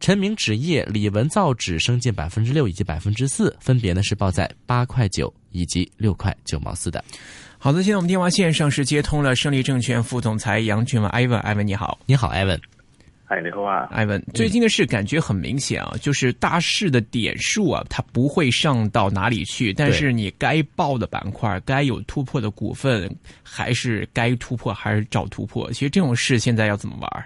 晨鳴紙業、理文造紙升近百分之六以及百分之四，分別呢是報在八塊九以及六塊九毛四的。好的，現在我們電話線上是接通了。勝利證券副總裁楊俊文，艾文，艾文你好，你好，艾文。嗨，你好啊，艾文。最近的事感覺很明顯啊，嗯、就是大市的點數啊，它不會上到哪裏去。但是你該爆的板塊，該有突破的股份，還是該突破，還是找突破。其實這種事現在要怎麼玩？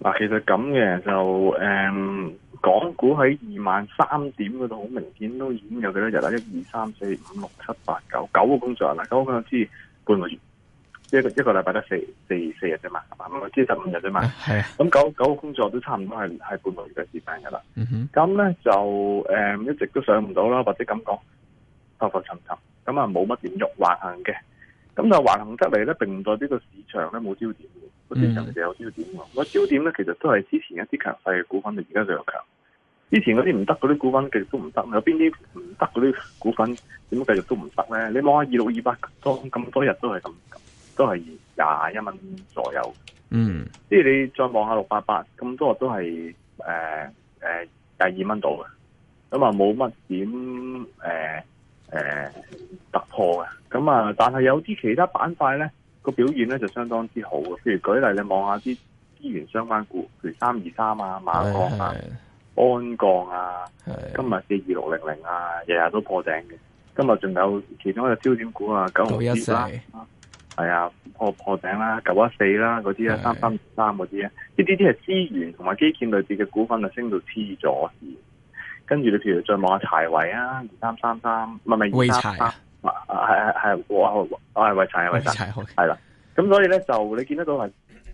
嗱，其實咁嘅就，誒、嗯，港股喺二萬三點嗰度、啊，好明顯都已經有幾多日啦，一二三四五六七八九九個工作日啦，九個工作之半個月，一個一個禮拜得四四四日啫嘛，係、嗯、嘛，咁啊，即係十五日啫嘛，係的。咁九九個工作日都差唔多係係半個月嘅時間噶啦，咁咧、嗯、哼就，誒、嗯，一直都上唔到啦，或者咁講，浮浮沉沉，咁啊冇乜點肉滑行嘅。咁就橫行得嚟咧，並唔代表個市場咧冇焦點嘅，個市場就有焦點。個焦點咧，其實都係之前一啲強勢嘅股份，而家就有強。之前嗰啲唔得嗰啲股份繼，股份繼續都唔得。有邊啲唔得嗰啲股份，點繼續都唔得咧？你望下二六二八，咁多日都係咁，都係廿一蚊左右。嗯，即係你再望下六八八，咁多日都係誒誒廿二蚊度嘅，咁啊冇乜點誒。呃誒、呃，突破嘅，咁、嗯、啊，但係有啲其他板塊咧、個表現咧就相當之好嘅，譬如舉例你望下啲資源相關股，譬如三二三啊、馬鋼啊、是是安鋼啊，是今日四二六零零啊，日日都破頂嘅，今日仲有其中一個焦點股啊，九一四啦，係啊，破破頂啦，九一四啦嗰啲啊，三三二三嗰啲啊，呢啲啲係資源同埋基建類似嘅股份啊，升到黐咗線。跟住你譬如再望下柴維啊，二三三三，唔係唔係二三三，係係係我我係維柴啊維柴，係啦。咁所以咧就你見得到係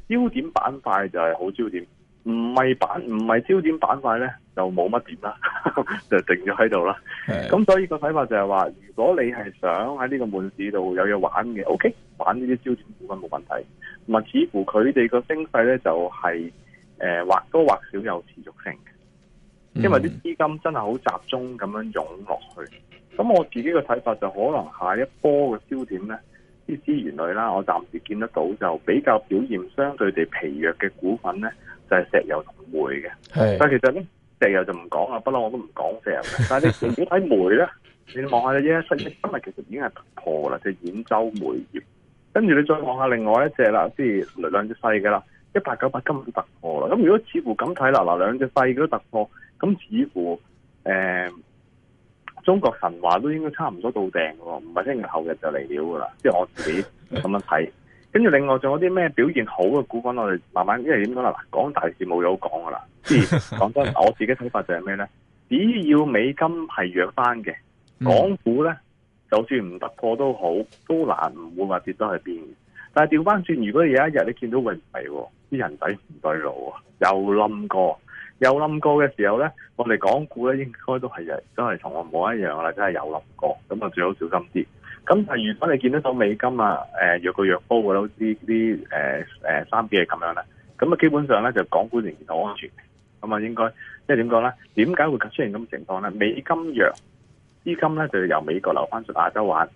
焦點板塊就係好焦點，唔係板唔係焦點板塊咧就冇乜點啦， 就定咗喺度啦。咁的所以個睇法就係話，如果你係想喺呢個門市度有嘢玩嘅，OK，玩呢啲焦點股份冇問題。同埋似乎佢哋個升勢咧就係、是、誒、呃、或多或少有持續性。因為啲資金真係好集中咁樣湧落去，咁我自己嘅睇法就可、是、能下一波嘅焦點咧，啲資源類啦，我暫時見得到就比較表現相對地疲弱嘅股份咧，就係、是、石油同煤嘅。係是，但係其實咧，石油就唔講啦，不嬲我都唔講石油嘅。 但係你如果睇煤咧，你望下呢一新一，今日其實已經係突破啦，即係兗州煤業。跟住你再望下另外一隻啦，即係兩隻細嘅啦，一八九八金突破啦。咁如果似乎咁睇啦，嗱，兩隻細佢都突破。咁似乎，誒、呃、中國神話都應該差唔多到定喎，唔係聽日後日就嚟了噶啦。即係我自己咁樣睇，跟住另外仲有啲咩表現好嘅股份，我哋慢慢，因為點講啦？嗱，講大市冇有講噶啦。即係講真，我自己睇法就係咩咧？只要美金係弱翻嘅，港股咧就算唔突破都好，都難唔會話跌得去邊。但係調翻轉，如果有一日你見到佢唔係喎，啲人仔唔對路啊，又冧過。有冧過嘅時候咧，我哋港股咧應該都係誒，都係同我冇一樣啦，真係有冧過，咁啊最好小心啲。咁但係如果你見到到美金啊，誒、呃、弱個弱波嘅好似啲誒誒 3B 咁樣啦，咁、嗯、啊基本上咧就港股仍然好安全，咁、嗯、啊應該，即係點講咧？點解會出現咁嘅情況咧？美金弱，資金咧就由美國留翻去亞洲玩。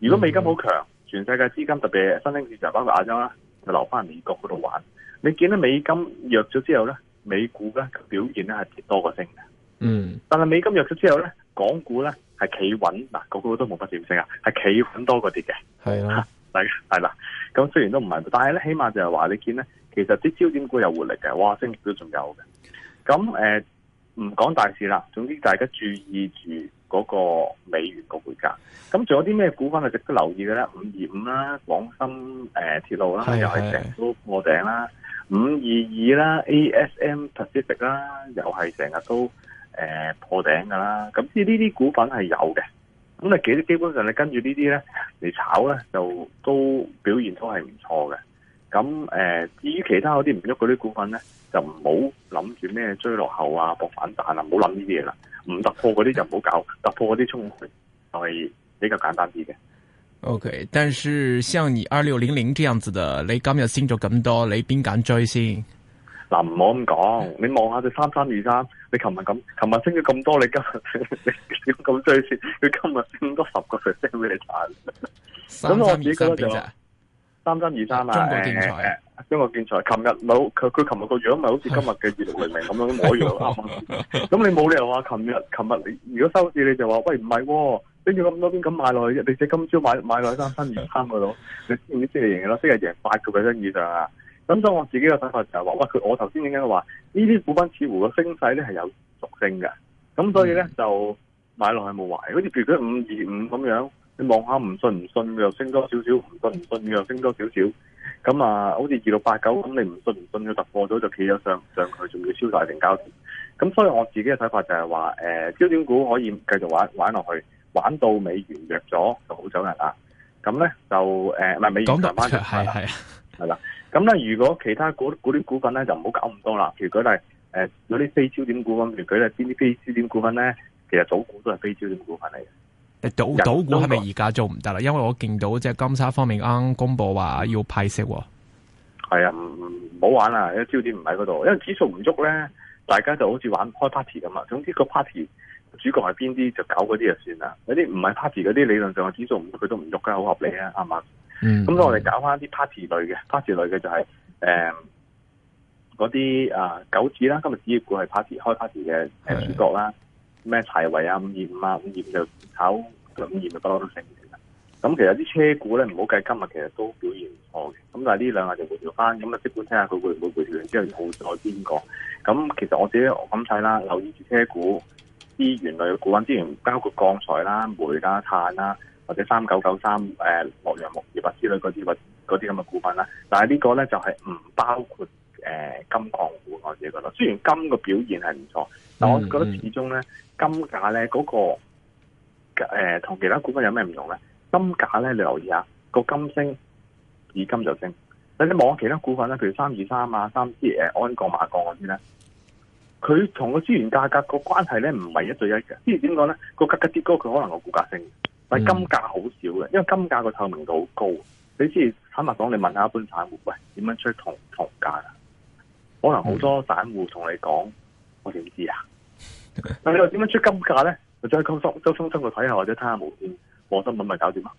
如果美金好強，全世界資金特別係新興市場包括亞洲啦，就留翻美國嗰度玩。你見到美金弱咗之後咧？美股咧表現咧係跌多過升嘅，嗯，但係美金弱咗之後咧，港股咧係企穩嗱，那個個都冇乜點升啊，係企穩多過跌嘅，係啦的，係係啦，咁雖然都唔係，但係咧起碼就係話你見咧，其實啲焦點股有活力嘅，哇，升幅都仲有嘅，咁誒唔講大事啦，總之大家注意住嗰個美元個匯價，咁仲有啲咩股份係值得留意嘅咧？五二五啦，廣深誒鐵路啦，是的是的又係成都破頂啦。五二二啦，ASM Pacific 啦，又係成日都誒、呃、破頂噶啦，咁所以呢啲股份係有嘅，咁啊幾啲基本上你跟住呢啲咧嚟炒咧，就都表現都係唔錯嘅。咁誒、呃，至於其他嗰啲唔喐嗰啲股份咧，就唔好諗住咩追落後啊博反彈啊，唔好諗呢啲嘢啦。唔突破嗰啲就唔好搞，突破嗰啲沖盤就係比較簡單啲嘅。O、okay, K，但是像你二六零零這樣子的，你今日升咗咁多，你邊敢追先？嗱唔好咁講，你望下隻三三二三，你琴日咁，琴日升咗咁多，你今日點咁追先？佢今日升多十個 percent 俾你賺。三三二三三三二三啊中、欸！中國建材，中國建材，琴日冇佢佢琴日個樣咪好似今日嘅二六零零咁樣摸樣，咁你冇理由話琴日琴日如果收市你就話喂唔係。跟住咁多邊，邊敢買落去你睇今朝買買落去，三三二三嗰度，你唔知咩型嘅咯，即係贏八佢嘅身以上啊！咁所以我自己嘅睇法就係話：，哇！佢我頭先點解話呢啲股份似乎個升勢咧係有續性嘅？咁所以咧就買落去冇壞。好似譬如佢五二五咁樣，你望下唔信唔信？佢又升多少少？唔信唔信？佢又升多少少？咁啊，好似二六八九咁，你唔信唔信？佢突破咗就企咗上上去，仲要超大成交錢。咁所以我自己嘅睇法就係話：，誒、呃，標點股可以繼續玩玩落去。玩到美元弱咗就好走人啊！咁咧就誒，唔、呃、係美元慢慢出係啦。係啦，咁咧 如果其他股股股份咧就唔好搞咁多啦。譬如果係誒有啲非焦點股份，譬如佢咧邊啲非焦點股份咧，其實賭股都係非焦點股份嚟嘅。誒賭賭股係咪而家做唔得啦？人因為我見到即係金沙方面啱公佈話要派息喎。係啊，唔、嗯、好玩啦！因為焦點唔喺嗰度，因為指數唔喐咧，大家就好似玩開 party 咁啊。總之個 party。主角係邊啲就搞嗰啲就算啦，有啲唔係 party 嗰啲，理論上指數唔佢都唔喐，嘅，好合理啊，係嘛？咁、嗯、所以我哋搞翻啲 party 類嘅，party 的類嘅就係誒嗰啲啊九子啦，今日指數股係 party 開 party 嘅主角啦，咩、呃、的柴維啊五二五啊五二就炒兩五二就不嬲都升嘅啦。咁其實啲車股咧唔好計，不要計今日其實都表現唔錯嘅。咁但係呢兩日就回調翻，咁啊即管睇下佢會唔會回調完之後又好在邊個。咁其實我自己我咁睇啦，留意住車股。資源類嘅股份，資源包括鋼材啦、煤啦、炭啦，或者三九九三、誒洛陽鉬業啊之類嗰啲啲咁嘅股份啦。但係呢個咧就係、是、唔包括誒、呃、金礦股，我自己覺得雖然金嘅表現係唔錯，但我覺得始終咧金價咧嗰個誒同其他股份有咩唔同咧？金價咧、那個呃、你留意一下個金升，以金就升。但你望下其他股份咧，譬如三二三啊、三支誒安鋼、馬鋼嗰啲咧。佢同個資源價格個關係咧，唔係一對一嘅。即係點講咧？個價格跌高，佢可能個股價升。但係金價好少嘅，因為金價個透明度好高。你之前坦白講，你問一下一般散戶，喂，點樣出銅銅價啊？可能好多散戶同你講，我點知啊？ 但你又點樣出金價咧？就再溝通，周生生度睇下，或者睇下無綫黃金品咪搞掂啦。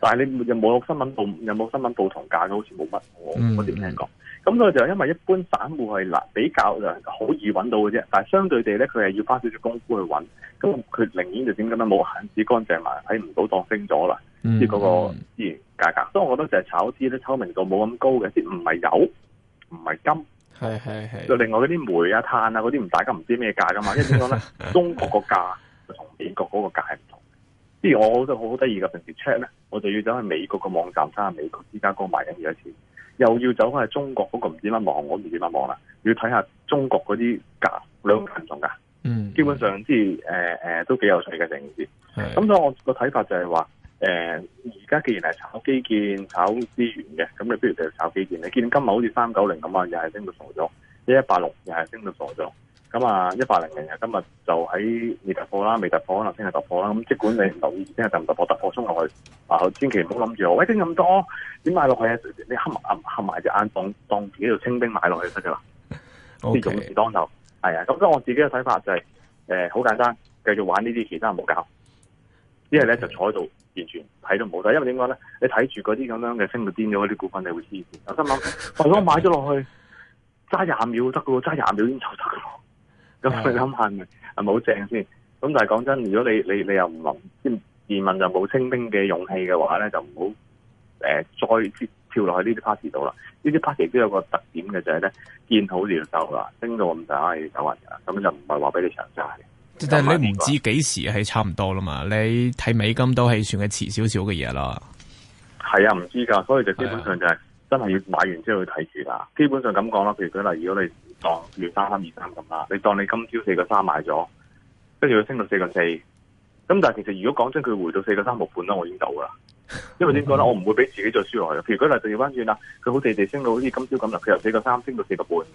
但係你有冇新聞報有冇新聞報同價嘅？好似冇乜，我我哋聽講。咁、嗯、佢就因為一般散戶係難比較，就好易揾到嘅啫。但係相對地咧，佢係要花少少功夫去揾。咁佢寧願就點解咧，冇恆止乾淨埋，睇唔到當升咗啦。即係嗰個資源價格。嗯、所以我覺得就係炒資咧，透明度冇咁高嘅。啲唔係油，唔係金，係係係。就另外嗰啲煤啊、炭啊嗰啲，唔大家唔知咩價噶嘛。因為點講咧，中國個價同美國嗰個價係唔同。即係我覺得好好得意嘅，平時 check 咧，我就要走去美國嘅網站，睇下美國依家個賣緊幾多錢，又要走翻去中國嗰個唔知乜網，我唔知乜網啦，要睇下中國嗰啲價，兩樣唔同噶。嗯，基本上即係誒誒，都幾有趣嘅成件事。咁所以我個睇法就係話，誒而家既然係炒基建、炒資源嘅，咁你不如就炒基建你見金茂好似三九零咁啊，又係升到傻咗，一一八六又係升到傻咗。咁啊，一百零零日今日就喺未突破啦，未突破可能聽日突破啦。咁、嗯、即管你留意聽日突唔突破，突破衝落去啊！千祈唔好諗住，喂升咁多，點買落去啊？你合合合埋隻眼，當當自己做清兵買落去就得噶啦。呢種事當就係啊。咁所以我自己嘅睇法就係、是，誒、呃，好簡單，繼續玩呢啲其他冇搞。一係咧就坐喺度完全睇都冇。得。因為點解咧？你睇住嗰啲咁樣嘅升到癲咗啲股份，你會黐線。我心諗，我如果我買咗落去，揸廿秒得噶，揸廿秒先走得噶。咁佢諗係咪冇正先？咁、嗯、但係講真，如果你你你又唔能自問就冇清兵嘅勇氣嘅話咧，就唔好誒再跳落去呢啲 party 度啦。呢啲 party 都有個特點嘅就係咧，見好就收啦，升到咁就唉走人啦。咁就唔係話俾你嘗試。但係你唔知幾時係差唔多啦嘛？你睇美金都係算係遲少少嘅嘢啦。係啊，唔知噶，所以就基本上就、哎。真係要買完之後去睇住啦。基本上咁講啦，譬如舉例，如果你當要三三二三咁啦，你當你今朝四個三買咗，跟住佢升到四個四，咁但係其實如果講真，佢回到四個三冇半啦，我已經走噶啦。因為點講咧，我唔會俾自己再輸落去。譬如舉例就要翻轉啦，佢好地地升到好似今朝咁啦，佢由四個三升到四個半嘅，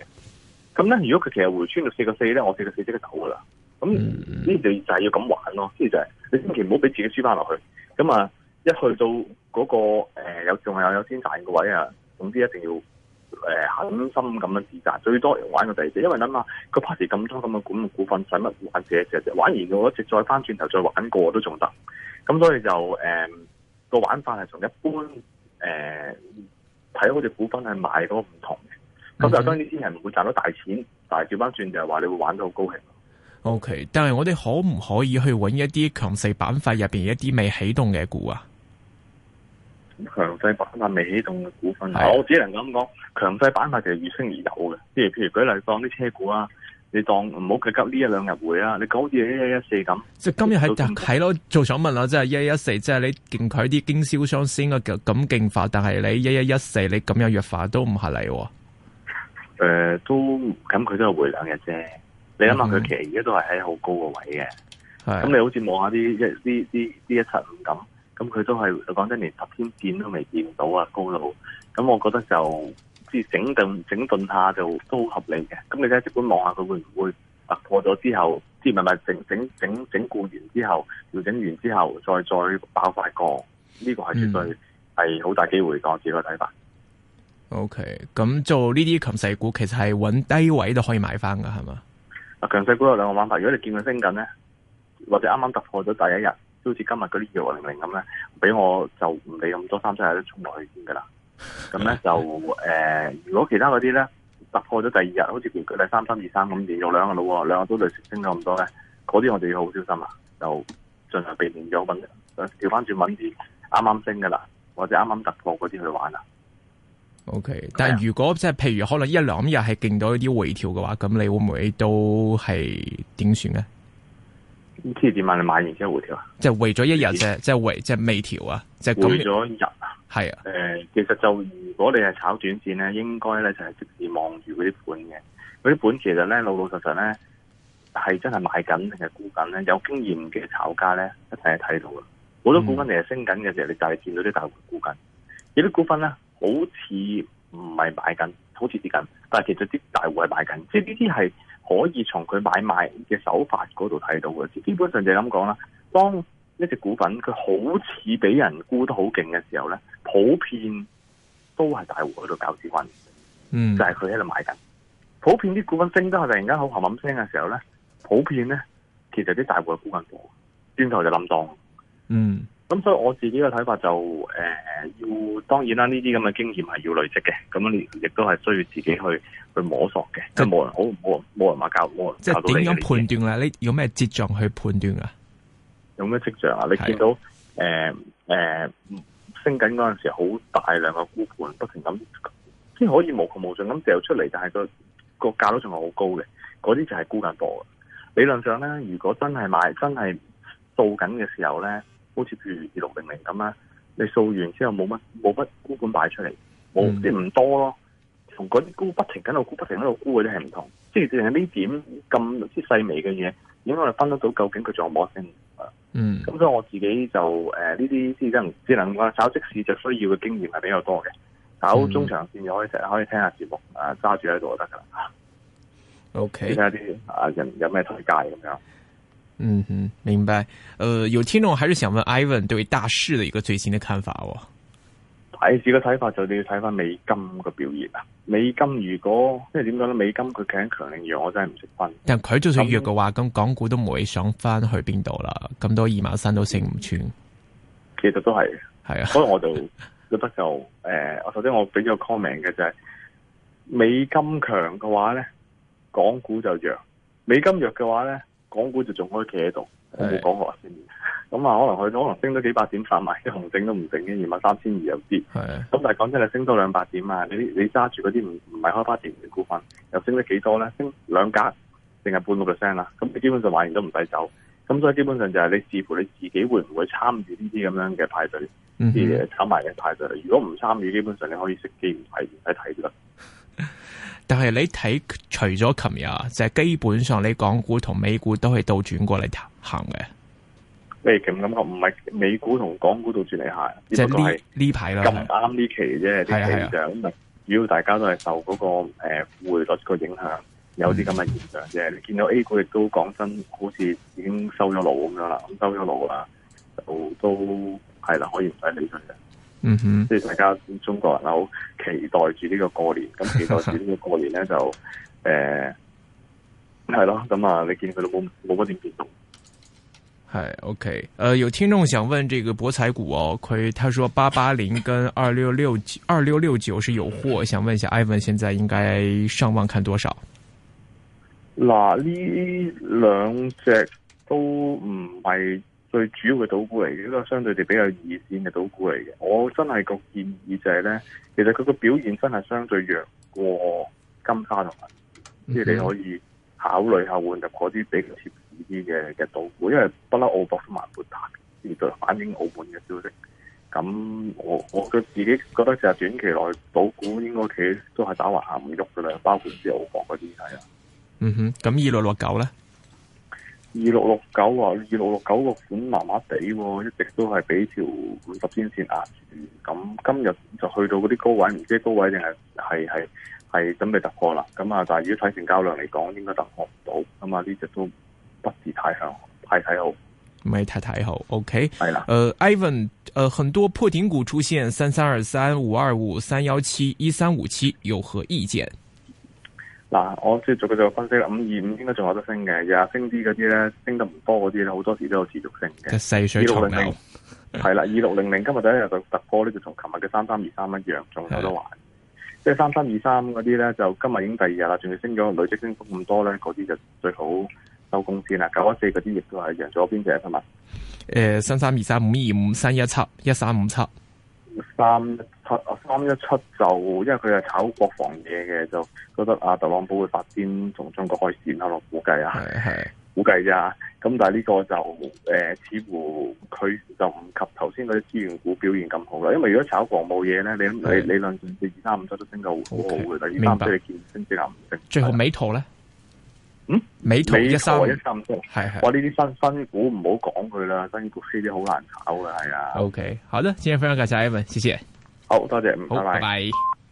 咁咧如果佢其實回穿到四個四咧，我四個四即刻走噶啦。咁呢就就係要咁玩咯，呢就係你千祈唔好俾自己輸翻落去。咁啊，一去到嗰個誒有仲有有先賺嘅位啊！總之一定要誒、呃、狠心咁樣試扎，最多玩個第二隻，因為諗下佢平時咁多咁嘅股份，使乜玩隻嘢啫？著著玩完我一直再翻轉頭再玩過都仲得，咁所以就誒個、呃、玩法係同一般誒睇、呃、好隻股份去買嗰個唔同嘅。咁就當然啲人會賺到大錢，mm hmm. 但係調翻轉就係話你會玩得好高興。OK，但係我哋可唔可以去搵一啲強勢板塊入邊一啲未起動嘅股啊？強勢板塊未起動嘅股份，的我只能咁講，強勢板塊其實越升而有嘅，即係譬如舉例當啲車股啊，你當唔好佢急呢一兩日回啊，你講好似一一一四咁，即係今日喺係咯，就想問啦，即係一一一四，即係你見佢啲經銷商先應該咁勁化，但係你一一一四，你咁樣弱化都唔合理。誒、呃，都咁佢都係回兩日啫，你諗下佢其實而家都係喺好高個位嘅，咁、嗯、你好似望下呢一呢呢呢一七五咁。咁佢都係，講真，連十天線都未見到啊，高佬，咁我覺得就即係整頓整頓下就都合理嘅。咁你睇下即觀望下佢會唔會突破咗之後，即係咪整整整整固完之後，調整完之後再再爆發過？呢、這個係絕對係好、嗯、大機會噶，我自己個睇法。OK，咁做呢啲強勢股，其實係揾低位都可以買翻噶，係嘛？啊，強勢股有兩個玩法，如果你見佢升緊咧，或者啱啱突破咗第一日。都好似今日嗰啲二零零咁咧，俾我就唔理咁多，三七日都衝落去先噶啦。咁咧就誒、呃，如果其他嗰啲咧突破咗第二日，好似連佢係三三二三咁連著兩個咯，兩個都嚟升咗咁多咧，嗰啲我哋要好小心啦，就盡量避免咗搵，調翻轉揾啲啱啱升噶啦，或者啱啱突破嗰啲去玩啊。OK，但係麼如果即係譬如可能一兩日係勁到一啲回調嘅話，咁你會唔會都係點算咧？千二萬你買完之後回調啊，即係回咗一日啫，即係即係未調啊，即係回咗一日啊，係啊，誒的、呃，其實就如果你係炒短線咧，應該咧就係即時望住嗰啲盤嘅，嗰啲盤其實咧老老實實咧係真係買緊定係沽緊咧，有經驗嘅炒家咧一定係睇到噶。好多股份你係升緊嘅時候，嗯、你就係見到啲大戶沽緊，有啲股份咧好似唔係買緊，好似跌緊，但係其實啲大戶係買緊，即係呢啲係。可以從佢買賣嘅手法嗰度睇到嘅，基本上就係咁講啦。當一隻股份佢好似俾人沽得好勁嘅時候咧，普遍都係大戶喺度搞事關，嗯，就係佢喺度買緊。普遍啲股份升得係突然間好冚冚聲嘅時候咧，普遍咧其實啲大戶係沽緊貨，轉頭就冧檔，嗯。咁、嗯、所以我自己嘅睇法就誒、呃，要當然啦，呢啲咁嘅經驗係要累積嘅，咁亦都係需要自己去去摸索嘅，即係冇人好冇人冇人話教，教即係點樣判斷咧？你有咩跡象去判斷噶？有咩跡象啊？是的 你見到誒誒、呃呃、升緊嗰陣時，好大量嘅沽盤不停咁，即係可以無窮無盡咁掉出嚟，但係、那個、那個價都仲係好高嘅，嗰啲就係沽緊貨嘅。理論上咧，如果真係買真係做緊嘅時候咧。好似譬如二六零零咁啊，你掃完之後冇乜冇乜沽盤擺出嚟，冇即唔多咯。從嗰啲沽不停，喺度沽不停喺度沽嘅咧係唔同，即係淨係呢點咁啲細微嘅嘢，點解我哋分得到究竟佢仲有冇升？嗯，咁所以我自己就誒呢啲智能只能啊炒即市就需要嘅經驗係比較多嘅，炒中長線就可以食，可以聽下節目啊揸住喺度就得噶啦。啊、OK，睇下啲啊人有咩推介咁樣。嗯哼，明白。呃，有聽眾還是想問 Ivan 對大市的一個最新的看法。大市嘅睇法就你要睇翻美金嘅表現啦。美金如果即係點講咧，美金佢強強定弱，我真係唔識分。但佢就算弱嘅話，咁樣港股都唔會想翻去邊度啦。咁多二馬三都升唔穿。其實都係，係啊。所以我就覺得就誒、 呃，首先我俾咗個 comment 嘅就係、是，美金強嘅話咧，港股就弱；美金弱嘅話咧。港股就仲可以企喺度，冇講學先。咁啊，可能佢可能升咗幾百點，散埋啲紅證都唔定嘅，二萬三千二又跌。咁的但係講真，你升多兩百點啊！你你揸住嗰啲唔唔係開花錢嘅股份，又升得幾多咧？升兩格定係半個 percent 啦。咁你基本上買完都唔使走。咁所以基本上就係你視乎你自己會唔會參與呢啲咁樣嘅派對，啲嘢、mm hmm. 呃、炒埋嘅派對。如果唔參與，基本上你可以食機唔睇，唔使睇啦。但係你睇，除咗琴日，就係基本上你港股同美股都係倒轉過嚟行嘅。你咁諗，唔係美股同港股倒轉嚟行，即係呢排咁啱呢期啫。現象咁，主要大家都係受嗰個誒匯率個影響，有啲咁嘅現象啫。嗯、你見到 A 股亦都講真，好似已經收咗路咁樣啦，咁收咗路啦，就都係啦，可以唔使理佢嘅。嗯哼，即係大家中國人好期待住呢個過年，咁期待住呢個過年咧 就誒係咯，咁、呃、啊你見佢都冇冇乜點變動。係，OK，誒，有聽眾想問這個博彩股哦，佢他說八八零跟二六六二六六九是有貨，想問一下 Ivan，現在應該上望看多少？嗱，呢兩隻都唔係。最主要嘅賭股嚟，嘅呢個相對地比較二線嘅賭股嚟嘅，我真係個建議就係、是、咧，其實佢個表現真係相對弱過金沙同埋，即係、嗯、哼你可以考慮下換入嗰啲比較貼啲嘅嘅賭股，因為不嬲澳博都慢半拍，而就反映澳門嘅消息。咁我我嘅自己覺得就係短期內，賭股應該企都係打橫行唔喐噶啦，包括啲澳博嗰邊睇啦。嗯哼，咁二六六九咧？二六六九啊，二六六九個款麻麻地，一直都係俾條五十天線壓住。咁今日就去到嗰啲高位，唔知啲高位定係係係係準備突破啦。咁啊，但係如果睇成交量嚟講，應該突破唔到咁啊。呢隻都不是太強，太睇好，唔係太睇好。OK，係啦。呃，Ivan，呃，很多破頂股出現，三三二三、五二五、三幺七、一三五七，有何意見？嗱，我即係逐個做分析啦。五二五應該仲有得升嘅，而家升啲嗰啲咧，升得唔多嗰啲咧，好多時都有持續性嘅。細水長流，係啦 26 00, 的，二六零零今日第一日就突破呢，就同琴日嘅三三二三一樣，仲有得玩。即係三三二三嗰啲咧，就今日已經第二日啦，仲要升咗，累積升幅咁多咧，嗰啲就最好收工先啦。九一四嗰啲亦都係贏咗邊隻啊嘛。誒，三三二三五二五三一七一三五七。3 3三一出啊，三一出就，因為佢係炒國防嘢嘅，就覺得阿特朗普會發展從中國開始，然後落估計啊，係係估計咋，咁但係呢個就誒、呃，似乎佢就唔及頭先嗰啲資源股表現咁好啦，因為如果炒國防冇嘢咧，你是你理論上你二三五出都升到好好嘅，但係二三五你見升只係唔升，最後美圖咧。嗯，美圖一三一三係係，哇！呢啲新新股唔好講佢啦，新股呢啲好難炒噶係啊。OK，好啦，先生分享介紹，Ivan，謝謝，好多謝，好，拜拜。Bye bye